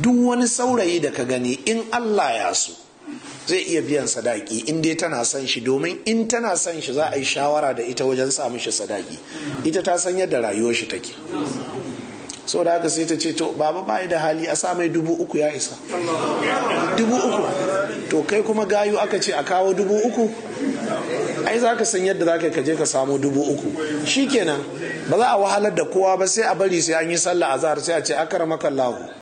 duk wani saurayi da ka gani in Allah ya so zai iya biyan sadaki in dai tana son shi domin in tana son shi za a yi shawara da ita wajen sa mishi sadaki ita ta san yadda rayuwar shi take so da haka sai ta ce to baba ba da hali a sa mai dubu uku ya isa dubu uku to kai kuma gayu aka ce a kawo dubu uku ai za ka san yadda za ka je ka samu dubu uku kenan ba za a wahalar da kowa ba sai a bari sai an yi sallah azhar sai a ce akara makallahu